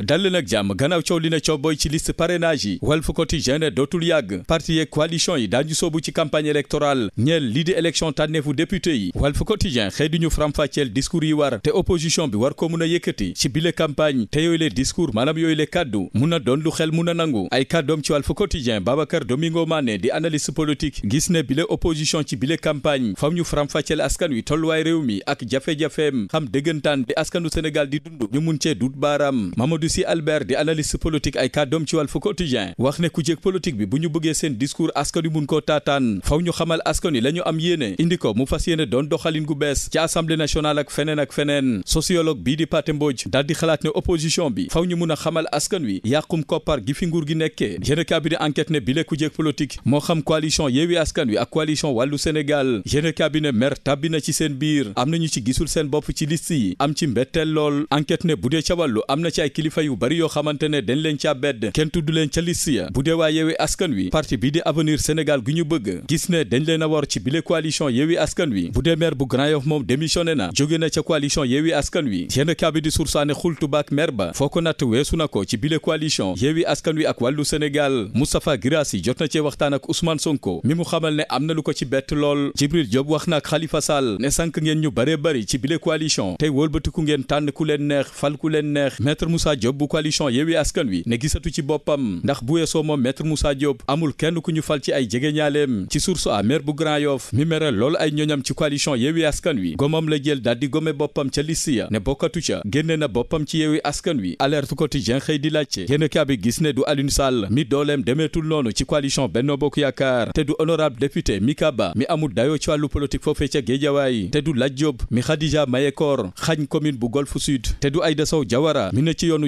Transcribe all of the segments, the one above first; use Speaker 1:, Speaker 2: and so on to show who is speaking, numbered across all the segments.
Speaker 1: dal nag jàmm gannaaw coow li ne ci liste parrainage yi Walf Quotidien dootul yàgg parti yeeg coalition yi daañu soobu ci campagne électorale ñeel lii di élection tànneefu député yi Walf Quotidien xëy di ñu faram-fàcceel yi war te opposition bi war ko mun a yëkkati ci bile campagne te yooyu le discours maanaam yooyu le kàddu mun na doon lu xel mun a nangu ay kàddoom ci Walf Quotidien Babacar Domingo Mané di analyste politique gis ne Abdou Sy Albert di analyste politique ay kàddoom ci Walf Quotidien wax ne ku jéeg bi bu ñu bëggee seen discours askan wi mun koo taataan faw ñu xamal askan wi la am yéene indi ko mu fas yéene doon doxalin gu bees ci assemblée nationale ak feneen ak feneen sociologue bii di Pathé Mbodj daal xalaat ne opposition bi faw ñu mun a xamal askan wi yàqum koppar gi fi nguur gi nekkee yéenekaay bi di ne bile ku jéeg moo xam coalition Yewwi kilifa yu bari yoo xamante ne dañ leen caa bedd kenn tudd leen ca liste ya bu yeewi askan wi parti bii di avenir Sénégal gi ñu bëgg gis ne dañ leen a war ci bile coalition yeewi askan wi bu dee bu Grand Yoff moom démissionné na jóge na ca coalition yeewi askan wi yéen kaabi di sursaane xultu baak maire ba foo ko natt weesu na ko ci bile coalition yeewi askan wi ak wàllu Sénégal Moustapha Guirassy jot na cee waxtaan ak Ousmane Sonko mi mu xamal Diop bu coalition Yewwi Askan Wi ne gisatu ci boppam ndax bu weesoo moom maître Moussa Diop amul kenn ku ñu fal ci ay jegeñaaleem ci source a maire bu Grand Yoff mi mere loolu ay ñoñam ci coalition Yewwi Askan Wi gomam la jël daal di gome boppam ca liste ya ne bokkatu ca génne na boppam ci Yewwi Askan Wi alerte quotidien xëy di laajte yéen kaa bi gis ne du Alioune Sall mi dooleem demeetul noonu ci coalition Benno Bokk Yaakaar te du honorable député mi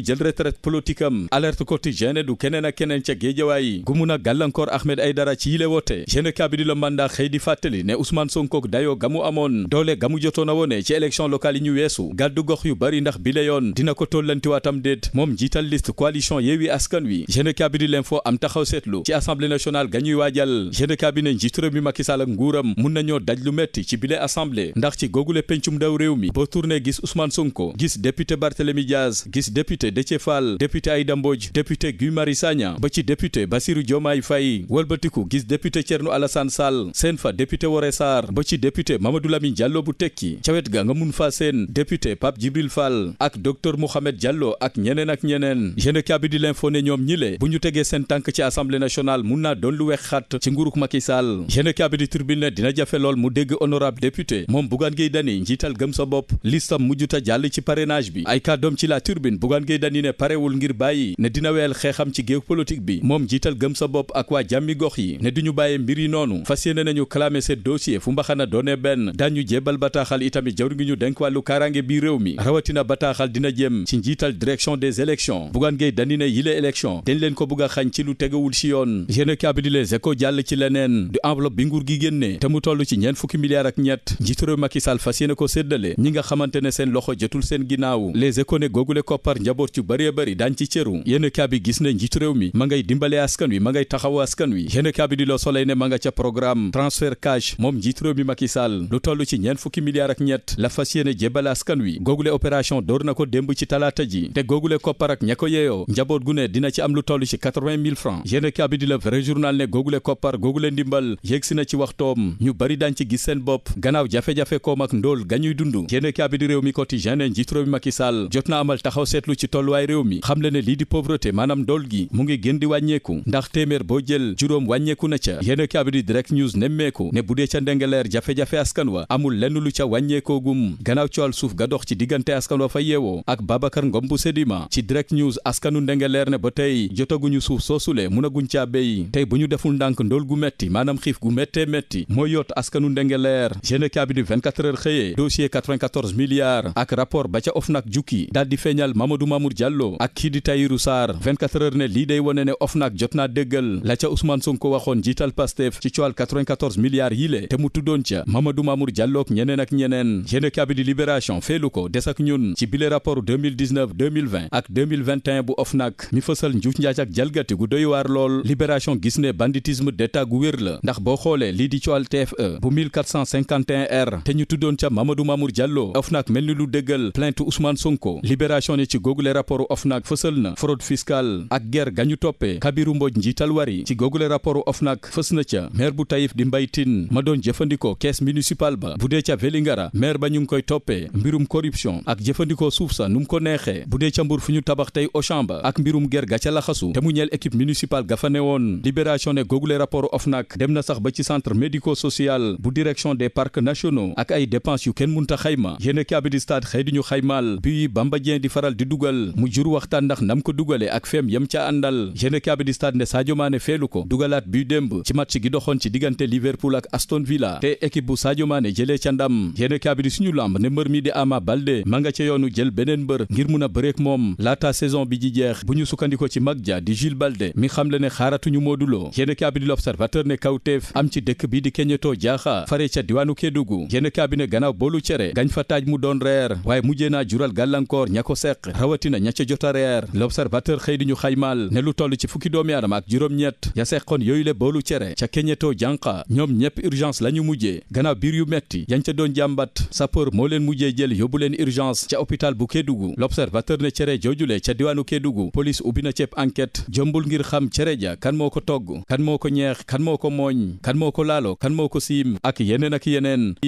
Speaker 1: jël retraite politique am alerte quotidienne du keneen ak keneen ca géejawaay gu mun a gàllankoor Ahmed Aidara ci yile woote jeune ka bi di la mandat xëy di fàttali ne Ousmane Sonko dayoo gamu amoon doole gamu jotoon a wone ci élection locale yi ñu weesu gàddu gox yu bari ndax bi yoon dina ko tollantiwaatam déet moom jiital liste coalition Yewwi Askan Wi jeune ka bi di l'info am taxaw seetlu ci assemblée nationale ga ñuy waajal jeune ka bi ne njiitu réew mi Macky Sall ak nguuram mun nañoo daj lu metti ci bile assemblée ndax ci googule pencum daw réew mi boo tourné gis Ousmane Sonko gis député Barthélémy Diaz Déthié Fall député Aïda Mbodj député Guy Marius Sagna ba ci député Bassirou Diomaye fay wëlbatiku gis député Thierno Alassane Sall seen fa député Woré Sarr ba ci député Mamadou Lamine Diallo bu tekki ca wet ga nga mun fa seen député Pape Djibril Fall ak docteur Mouhamed Diallo ak ñeneen ak ñeneen yéene kaabi di l'info ne ñoom ñile bu ñu tegee seen tànk ci assemblée nationale mun naa doon lu wex xat ci nguuruk Macky Sall yéene kaabi di tribune dina jafe lool mu dégg honorable député moom Bougane Gueye Dany njiital gëm sa bopp listam mujjuta jàll ci parrainage bi ay kàddoom ci la tribune Yewwi dañu ne parewul ngir bàyyi ne dina weel xeexam ci géopolitique bi moom jiital gëm sa bopp ak waa jàmmi gox yi ne duñu bàyyee mbir yi noonu fas yéene nañu clamer ce dossier fu mbaxana doone benn daañu jébbal bataaxal itamit jawri ngi ñu denk wàllu kaaraange biir réew mi rawatina bataaxal dina jëm ci njiital direction des élections Bougane Gueye Dany ne yile élection dañ leen ko bugg xañ ci lu tegawul si yoon yéen kaabi di les échos jàll ci leneen du enveloppe bi nguur mu toll ci ñeent fukki milliards ak ñett njiitu réew Macky Sall fas yéene ko séddale ñi nga xamante ne seen loxo jotul seen ginnaaw les échos ne googule koppar report yu bëree bëri daan ci cëru yéen kaa bi gis ne njiitu réew mi ma ngay dimbale askan wi ma ngay taxaw askan wi yéen kaa di Le Soleil ne ma nga ca programme transfert cash moom njiitu réew mi Macky lu toll ci ñeent fukki milliards ak ñett la fas yéene askan wi googule opération door na ko démb ci talaata ji te googule koppar ak ña ko yeeyoo njaboot gu ne dina ci am lu toll ci 80 000 francs yéen kaa bi di Le Vrai Journal ne googule koppar googule ndimbal yëgsi na ci waxtoom ñu bëri daan ci gis seen dund yéen kaa bi di réew mi quotidien tolluwaay réew mi xam le ne lii di pauvreté maanaam ndool gi mu ngi gën di wàññeeku ndax téeméer boo jël juróom wàññeeku na ca yéen a kaabi di direct news nemmeeku ne bu dee ca ndengaleer jafe-jafe askan wa amul lenn lu ca wàññeekoogum gannaaw coowal suuf ga dox ci diggante askan wa fa yeewoo ak Babacar Ngom bu Sedima ci direct news askanu ndengaleer ne ba tey jotaguñu suuf soosule munaguñ caa béy tey bu ñu deful ndànk ndool gu metti maanaam xiif gu méttee métti mooy yoot askanu ndengeleer yéen a bi di 24 heures xëyee dossier 94 milliards ak rapport ba ca OFNAC jukki daal di feeñal Mamadou Mamour ak kii di Tahirou Sarr ne lii day wane ne OFNAC jot naa déggal la ca Ousmane Sonko waxoon jiital Pastef ci coowal 94 milliards te mu tuddoon ca Mamadou Mamour Diallo ak ñeneen ak ñeneen yéene kaabi di Libération feelu ko des ak ñun ci bile rapport ak bu OFNAC mi fësal njuuj njaaj ak jalgati gu doy waar lool Libération gis ne banditisme d'état gu wér la ndax boo xoolee lii di coowal TFE bu R te ñu tuddoon ca Mamadou Mamour Diallo OFNAC mel ni lu déggal plainte rapportu OFNAC fësal na fraude fiscale ak ger gañu toppee Kabiru Mbodj njiital Wari ci googule rapportu OFNAC fës na ca maire bu Taïf di Mbaye ma doon jëfandikoo caisse municipale ba bu dee ca Vélingara maire ba ñu ngi koy toppee mbirum corruption ak jëfandikoo suuf sa nu mu ko neexee bu dee ca Mbour fu ñu tabax tey Auchan ba ak mbirum ger ga ca laxasu te mu ñeel équipe municipale ga fa newoon libération ne googule rapportu OFNAC dem na sax ba ci centre médico dugal mu jur waxtaan ndax ndam ko dugale ak feem yam ca àndal geneca bi di stade ne Sadio feelu ko dugalaat bi demb ci match gi doxoon ci diggante Liverpool ak Aston Villa te équipe bu Sadio Mané jëlee ca ndam geneca bi di suñu lamb ne mbër mi di Ama Baldé ma nga ca yoonu jël beneen mbër ngir mun a bëreek moom laata saison bi ji jeex bu ñu sukkandiko ci mag ja di Jules Baldé mi xam le ne xaaratuñu mooduloo geneca bi di l'observateur ne kawteef am ci dëkk bi di keñetoo jaaxa fare ca diwaanu Kédougou geneca bi ne gannaaw boolu cere gañ fa taaj mu doon reer waaye mujjee naa jural gàllankoor ña ko seq na ña ca jot a reer l'observateur xëy di ñu xaymaal ne lu toll ci fukki doomi aadama ak juróom-ñett ya seqoon yooyu le boolu cere ca keñetoo jànqa ñoom ñépp urgence la ñu mujjee gannaaw biir yu metti yañ ca doon jàmbat sapeur moo leen mujjee jël yóbbu leen urgence ca hôpital bu Kédougou l'observateur ne cere joojule ca diwaanu Kédougou police ubbi na ceeb enquête jombul ngir xam cere ja kan moo ko togg kan moo ko ñeex kan moo ko mooñ kan moo ko laalo kan moo ko siim ak yeneen ak yeneen